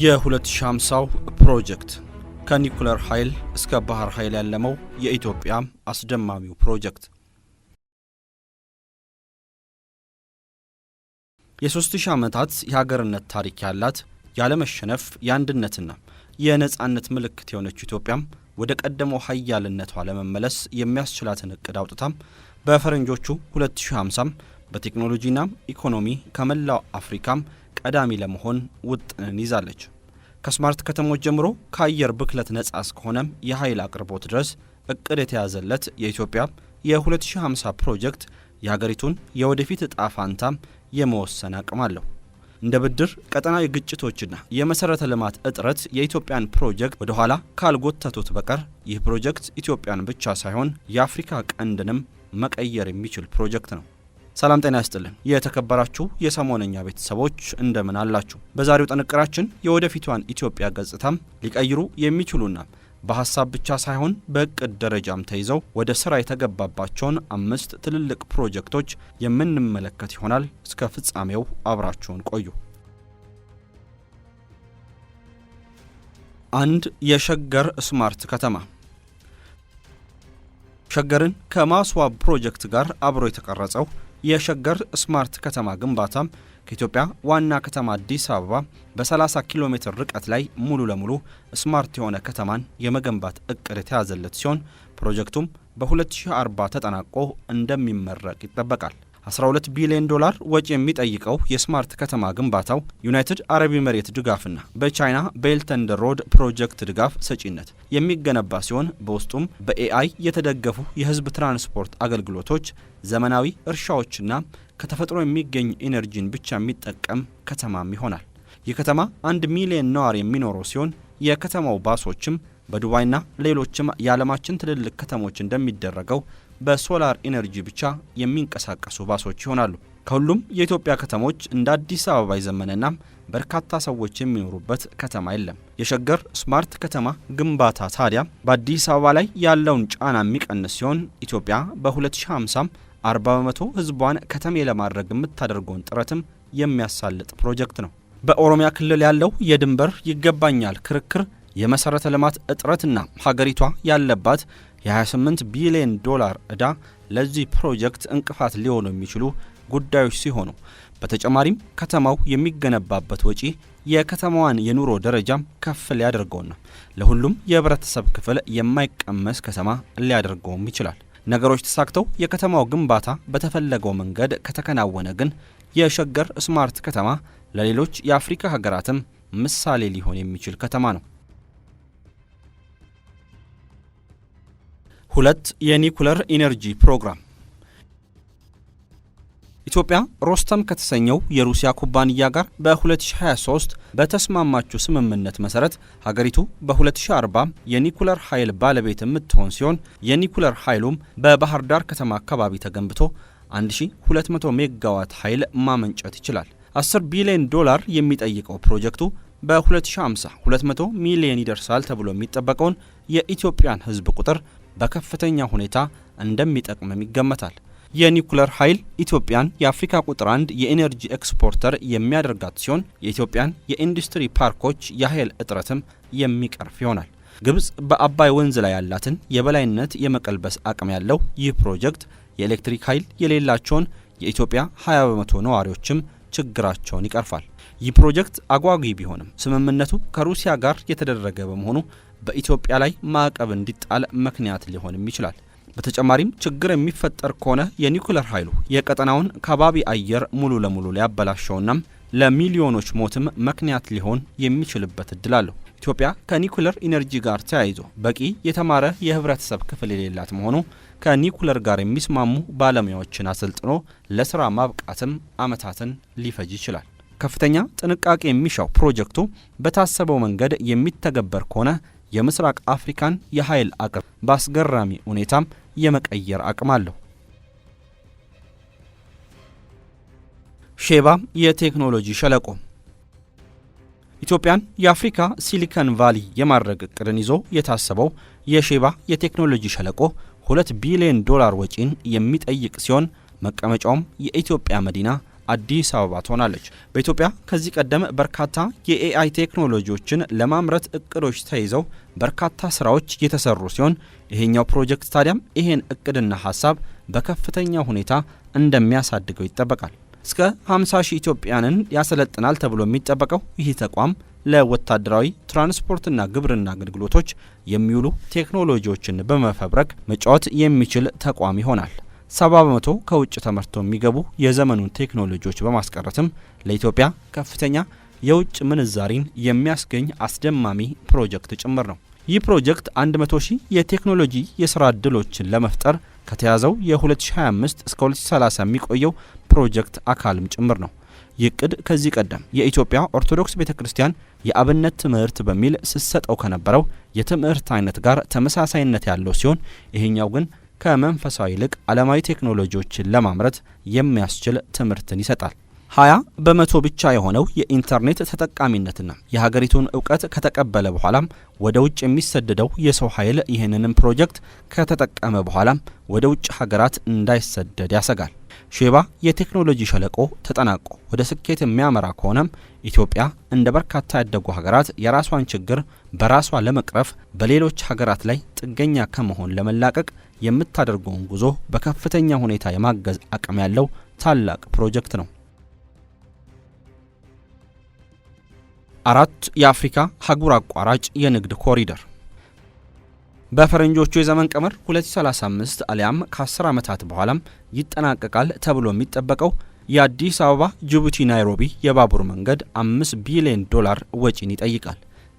የ2050 ፕሮጀክት ከኒኩለር ኃይል እስከ ባህር ኃይል ያለመው የኢትዮጵያ አስደማሚው ፕሮጀክት የሶስት ሺህ ዓመታት የሀገርነት ታሪክ ያላት ያለመሸነፍ የአንድነትና የነፃነት ምልክት የሆነች ኢትዮጵያም ወደ ቀደመው ሀያልነቷ ለመመለስ የሚያስችላትን እቅድ አውጥታም በፈረንጆቹ 2050 በቴክኖሎጂና ኢኮኖሚ ከመላው አፍሪካም ቀዳሚ ለመሆን ውጥንን ይዛለች። ከስማርት ከተሞች ጀምሮ ከአየር ብክለት ነጻ እስከሆነም የኃይል አቅርቦት ድረስ እቅድ የተያዘለት የኢትዮጵያ የ2050 ፕሮጀክት የሀገሪቱን የወደፊት እጣ ፋንታም የመወሰን አቅም አለው። እንደ ብድር ቀጠናዊ ግጭቶችና የመሠረተ ልማት እጥረት የኢትዮጵያን ፕሮጀክት ወደ ኋላ ካልጎተቱት በቀር ይህ ፕሮጀክት ኢትዮጵያን ብቻ ሳይሆን የአፍሪካ ቀንድንም መቀየር የሚችል ፕሮጀክት ነው። ሰላም ጤና ያስጥልን። የተከበራችሁ የሰሞነኛ ቤተሰቦች እንደምን አላችሁ? በዛሬው ጥንቅራችን የወደፊቷን ኢትዮጵያ ገጽታም ሊቀይሩ የሚችሉና በሀሳብ ብቻ ሳይሆን በእቅድ ደረጃም ተይዘው ወደ ስራ የተገባባቸውን አምስት ትልልቅ ፕሮጀክቶች የምንመለከት ይሆናል። እስከ ፍጻሜው አብራችሁን ቆዩ። አንድ የሸገር ስማርት ከተማ ሸገርን ከማስዋብ ፕሮጀክት ጋር አብሮ የተቀረጸው የሸገር ስማርት ከተማ ግንባታ ከኢትዮጵያ ዋና ከተማ አዲስ አበባ በ30 ኪሎ ሜትር ርቀት ላይ ሙሉ ለሙሉ ስማርት የሆነ ከተማን የመገንባት እቅድ የተያዘለት ሲሆን ፕሮጀክቱም በ2040 ተጠናቆ እንደሚመረቅ ይጠበቃል። 12 ቢሊዮን ዶላር ወጪ የሚጠይቀው የስማርት ከተማ ግንባታው ዩናይትድ አረብ ኤምሬት ድጋፍና በቻይና ቤልተንደ ሮድ ፕሮጀክት ድጋፍ ሰጪነት የሚገነባ ሲሆን በውስጡም በኤአይ የተደገፉ የህዝብ ትራንስፖርት አገልግሎቶች፣ ዘመናዊ እርሻዎችና ከተፈጥሮ የሚገኝ ኢነርጂን ብቻ የሚጠቀም ከተማም ይሆናል። ይህ ከተማ አንድ ሚሊዮን ነዋሪ የሚኖረው ሲሆን የከተማው ባሶችም በዱባይና ሌሎችም የዓለማችን ትልልቅ ከተሞች እንደሚደረገው በሶላር ኢነርጂ ብቻ የሚንቀሳቀሱ ባሶች ይሆናሉ። ከሁሉም የኢትዮጵያ ከተሞች እንደ አዲስ አበባ የዘመነና በርካታ ሰዎች የሚኖሩበት ከተማ የለም። የሸገር ስማርት ከተማ ግንባታ ታዲያ በአዲስ አበባ ላይ ያለውን ጫና የሚቀንስ ሲሆን ኢትዮጵያ በ2050 40 በመቶ ህዝቧን ከተሜ ለማድረግ የምታደርገውን ጥረትም የሚያሳልጥ ፕሮጀክት ነው። በኦሮሚያ ክልል ያለው የድንበር ይገባኛል ክርክር የመሠረተ ልማት እጥረትና ሀገሪቷ ያለባት የ28 ቢሊዮን ዶላር ዕዳ ለዚህ ፕሮጀክት እንቅፋት ሊሆኑ የሚችሉ ጉዳዮች ሲሆኑ በተጨማሪም ከተማው የሚገነባበት ወጪ የከተማዋን የኑሮ ደረጃም ከፍ ሊያደርገውና ለሁሉም የህብረተሰብ ክፍል የማይቀመስ ከተማ ሊያደርገውም ይችላል። ነገሮች ተሳክተው የከተማው ግንባታ በተፈለገው መንገድ ከተከናወነ ግን የሸገር ስማርት ከተማ ለሌሎች የአፍሪካ ሀገራትም ምሳሌ ሊሆን የሚችል ከተማ ነው። ሁለት የኒኩለር ኢነርጂ ፕሮግራም ኢትዮጵያ ሮስተም ከተሰኘው የሩሲያ ኩባንያ ጋር በ2023 በተስማማችው ስምምነት መሰረት ሀገሪቱ በ2040 የኒኩለር ኃይል ባለቤት የምትሆን ሲሆን የኒኩለር ኃይሉም በባህር ዳር ከተማ አካባቢ ተገንብቶ 1200 ሜጋዋት ኃይል ማመንጨት ይችላል። 10 ቢሊዮን ዶላር የሚጠይቀው ፕሮጀክቱ በ2050 200 ሚሊዮን ይደርሳል ተብሎ የሚጠበቀውን የኢትዮጵያን ሕዝብ ቁጥር በከፍተኛ ሁኔታ እንደሚጠቅምም ይገመታል። የኒኩለር ኃይል ኢትዮጵያን የአፍሪካ ቁጥር አንድ የኢነርጂ ኤክስፖርተር የሚያደርጋት ሲሆን የኢትዮጵያን የኢንዱስትሪ ፓርኮች የኃይል እጥረትም የሚቀርፍ ይሆናል። ግብጽ በአባይ ወንዝ ላይ ያላትን የበላይነት የመቀልበስ አቅም ያለው ይህ ፕሮጀክት የኤሌክትሪክ ኃይል የሌላቸውን የኢትዮጵያ 20 በመቶ ነዋሪዎችም ችግራቸውን ይቀርፋል። ይህ ፕሮጀክት አጓጊ ቢሆንም ስምምነቱ ከሩሲያ ጋር የተደረገ በመሆኑ በኢትዮጵያ ላይ ማዕቀብ እንዲጣል ምክንያት ሊሆንም ይችላል። በተጨማሪም ችግር የሚፈጠር ከሆነ የኒውክለር ኃይሉ የቀጠናውን ከባቢ አየር ሙሉ ለሙሉ ሊያበላሸውና ለሚሊዮኖች ሞትም ምክንያት ሊሆን የሚችልበት እድል አለው። ኢትዮጵያ ከኒኩለር ኢነርጂ ጋር ተያይዞ በቂ የተማረ የህብረተሰብ ክፍል የሌላት መሆኑ ከኒኩለር ጋር የሚስማሙ ባለሙያዎችን አሰልጥኖ ለስራ ማብቃትም አመታትን ሊፈጅ ይችላል። ከፍተኛ ጥንቃቄ የሚሻው ፕሮጀክቱ በታሰበው መንገድ የሚተገበር ከሆነ የምስራቅ አፍሪካን የኃይል አቅም በአስገራሚ ሁኔታም የመቀየር አቅም አለው። ሼባ የቴክኖሎጂ ሸለቆ ኢትዮጵያን የአፍሪካ ሲሊከን ቫሊ የማድረግ እቅድን ይዞ የታሰበው የሼባ የቴክኖሎጂ ሸለቆ ሁለት ቢሊዮን ዶላር ወጪን የሚጠይቅ ሲሆን መቀመጫውም የኢትዮጵያ መዲና አዲስ አበባ ትሆናለች። በኢትዮጵያ ከዚህ ቀደም በርካታ የኤአይ ቴክኖሎጂዎችን ለማምረት እቅዶች ተይዘው በርካታ ስራዎች የተሰሩ ሲሆን ይሄኛው ፕሮጀክት ታዲያም ይሄን እቅድና ሀሳብ በከፍተኛ ሁኔታ እንደሚያሳድገው ይጠበቃል። እስከ 50 ሺህ ኢትዮጵያንን ያሰለጥናል ተብሎ የሚጠበቀው ይህ ተቋም ለወታደራዊ ትራንስፖርትና ግብርና አገልግሎቶች የሚውሉ ቴክኖሎጂዎችን በመፈብረክ መጫወት የሚችል ተቋም ይሆናል። ሰባ በመቶ ከውጭ ተመርቶ የሚገቡ የዘመኑን ቴክኖሎጂዎች በማስቀረትም ለኢትዮጵያ ከፍተኛ የውጭ ምንዛሪን የሚያስገኝ አስደማሚ ፕሮጀክት ጭምር ነው። ይህ ፕሮጀክት 100 ሺህ የቴክኖሎጂ የስራ ዕድሎችን ለመፍጠር ከተያዘው የ2025 እስከ 2030 የሚቆየው ፕሮጀክት አካልም ጭምር ነው። ይቅድ ከዚህ ቀደም የኢትዮጵያ ኦርቶዶክስ ቤተ ክርስቲያን የአብነት ትምህርት በሚል ስሰጠው ከነበረው የትምህርት አይነት ጋር ተመሳሳይነት ያለው ሲሆን ይሄኛው ግን ከመንፈሳዊ ይልቅ ዓለማዊ ቴክኖሎጂዎችን ለማምረት የሚያስችል ትምህርትን ይሰጣል። ሀያ በመቶ ብቻ የሆነው የኢንተርኔት ተጠቃሚነትና የሀገሪቱን እውቀት ከተቀበለ በኋላም ወደ ውጭ የሚሰደደው የሰው ኃይል ይህንንም ፕሮጀክት ከተጠቀመ በኋላም ወደ ውጭ ሀገራት እንዳይሰደድ ያሰጋል። ሼባ የቴክኖሎጂ ሸለቆ ተጠናቆ ወደ ስኬት የሚያመራ ከሆነም ኢትዮጵያ እንደ በርካታ ያደጉ ሀገራት የራሷን ችግር በራሷ ለመቅረፍ በሌሎች ሀገራት ላይ ጥገኛ ከመሆን ለመላቀቅ የምታደርገውን ጉዞ በከፍተኛ ሁኔታ የማገዝ አቅም ያለው ታላቅ ፕሮጀክት ነው። አራት የአፍሪካ ሀገር አቋራጭ የንግድ ኮሪደር በፈረንጆቹ የዘመን ቀመር 2035 አሊያም ከ10 ዓመታት በኋላም ይጠናቀቃል ተብሎ የሚጠበቀው የአዲስ አበባ ጅቡቲ ናይሮቢ የባቡር መንገድ 5 ቢሊዮን ዶላር ወጪን ይጠይቃል።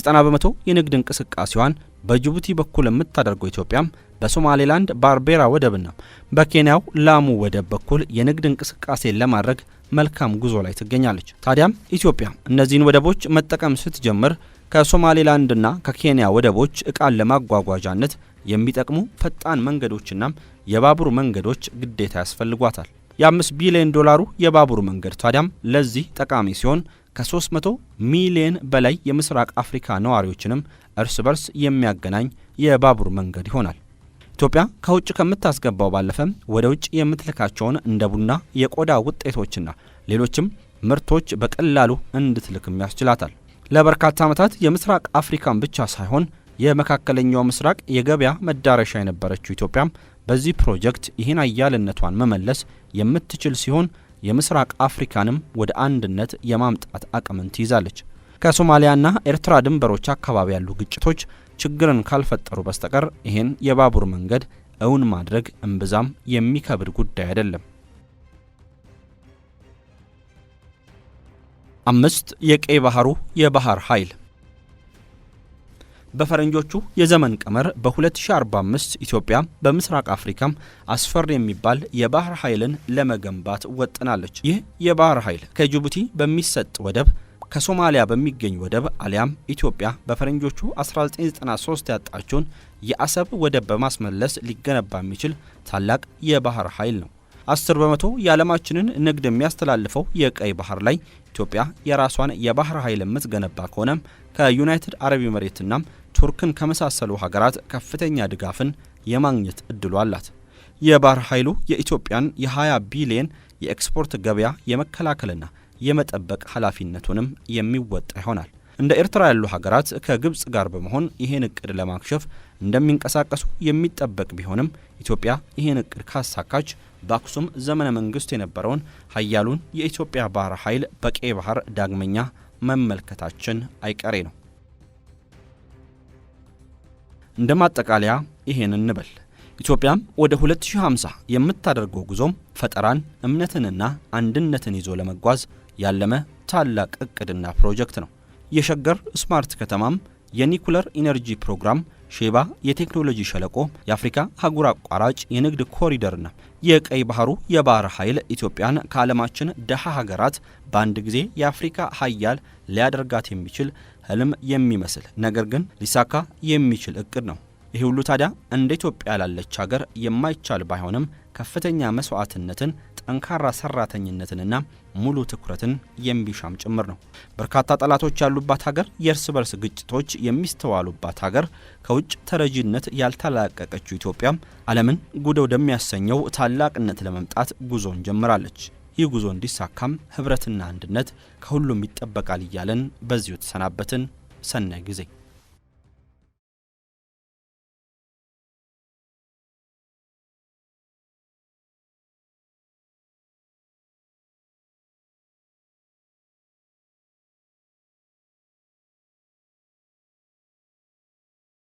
90 በመቶ የንግድ እንቅስቃሴዋን በጅቡቲ በኩል የምታደርገው ኢትዮጵያም በሶማሌላንድ ባርቤራ ወደብና በኬንያው ላሙ ወደብ በኩል የንግድ እንቅስቃሴን ለማድረግ መልካም ጉዞ ላይ ትገኛለች። ታዲያም ኢትዮጵያ እነዚህን ወደቦች መጠቀም ስትጀምር ከሶማሌላንድና ከኬንያ ወደቦች ዕቃን ለማጓጓዣነት የሚጠቅሙ ፈጣን መንገዶችና የባቡር መንገዶች ግዴታ ያስፈልጓታል። የአምስት ቢሊዮን ዶላሩ የባቡር መንገድ ታዲያም ለዚህ ጠቃሚ ሲሆን ከ300 ሚሊዮን በላይ የምስራቅ አፍሪካ ነዋሪዎችንም እርስ በርስ የሚያገናኝ የባቡር መንገድ ይሆናል። ኢትዮጵያ ከውጭ ከምታስገባው ባለፈ ወደ ውጭ የምትልካቸውን እንደ ቡና፣ የቆዳ ውጤቶችና ሌሎችም ምርቶች በቀላሉ እንድትልክም ያስችላታል። ለበርካታ ዓመታት የምስራቅ አፍሪካን ብቻ ሳይሆን የመካከለኛው ምስራቅ የገበያ መዳረሻ የነበረችው ኢትዮጵያ በዚህ ፕሮጀክት ይህን አያልነቷን መመለስ የምትችል ሲሆን የምስራቅ አፍሪካንም ወደ አንድነት የማምጣት አቅምን ትይዛለች። ከሶማሊያና ኤርትራ ድንበሮች አካባቢ ያሉ ግጭቶች ችግርን ካልፈጠሩ በስተቀር ይህን የባቡር መንገድ እውን ማድረግ እምብዛም የሚከብድ ጉዳይ አይደለም። አምስት የቀይ ባህሩ የባህር ኃይል በፈረንጆቹ የዘመን ቀመር በ2045 ኢትዮጵያ በምስራቅ አፍሪካም አስፈሪ የሚባል የባህር ኃይልን ለመገንባት ወጥናለች። ይህ የባህር ኃይል ከጅቡቲ በሚሰጥ ወደብ ከሶማሊያ በሚገኝ ወደብ አሊያም ኢትዮጵያ በፈረንጆቹ 1993 ያጣችውን የአሰብ ወደብ በማስመለስ ሊገነባ የሚችል ታላቅ የባህር ኃይል ነው። 10 በመቶ የዓለማችንን ንግድ የሚያስተላልፈው የቀይ ባህር ላይ ኢትዮጵያ የራሷን የባህር ኃይል የምትገነባ ከሆነም ከዩናይትድ አረብ ኤምሬትና ቱርክን ከመሳሰሉ ሀገራት ከፍተኛ ድጋፍን የማግኘት እድሉ አላት። የባህር ኃይሉ የኢትዮጵያን የ20 ቢሊየን የኤክስፖርት ገበያ የመከላከልና የመጠበቅ ኃላፊነቱንም የሚወጣ ይሆናል። እንደ ኤርትራ ያሉ ሀገራት ከግብፅ ጋር በመሆን ይህን እቅድ ለማክሸፍ እንደሚንቀሳቀሱ የሚጠበቅ ቢሆንም ኢትዮጵያ ይህን እቅድ ካሳካች በአክሱም ዘመነ መንግስት የነበረውን ሀያሉን የኢትዮጵያ ባህር ኃይል በቀይ ባህር ዳግመኛ መመልከታችን አይቀሬ ነው። እንደ ማጠቃለያ ይህን እንበል። ኢትዮጵያም ወደ 2050 የምታደርገው ጉዞም ፈጠራን እምነትንና አንድነትን ይዞ ለመጓዝ ያለመ ታላቅ እቅድና ፕሮጀክት ነው። የሸገር ስማርት ከተማም የኒኩለር ኢነርጂ ፕሮግራም፣ ሼባ የቴክኖሎጂ ሸለቆ፣ የአፍሪካ አህጉር አቋራጭ የንግድ ኮሪደርና የቀይ ባህሩ የባህር ኃይል ኢትዮጵያን ከዓለማችን ደሃ ሀገራት በአንድ ጊዜ የአፍሪካ ሀያል ሊያደርጋት የሚችል ህልም የሚመስል ነገር ግን ሊሳካ የሚችል እቅድ ነው። ይህ ሁሉ ታዲያ እንደ ኢትዮጵያ ላለች ሀገር የማይቻል ባይሆንም ከፍተኛ መስዋዕትነትን ጠንካራ ሰራተኝነትንና ሙሉ ትኩረትን የሚሻም ጭምር ነው። በርካታ ጠላቶች ያሉባት ሀገር፣ የእርስ በርስ ግጭቶች የሚስተዋሉባት ሀገር፣ ከውጭ ተረጂነት ያልተላቀቀችው ኢትዮጵያ ዓለምን ጉድ ወደሚያሰኘው ታላቅነት ለመምጣት ጉዞን ጀምራለች። ይህ ጉዞ እንዲሳካም ህብረትና አንድነት ከሁሉም ይጠበቃል እያለን በዚሁ ተሰናበትን። ሰናይ ጊዜ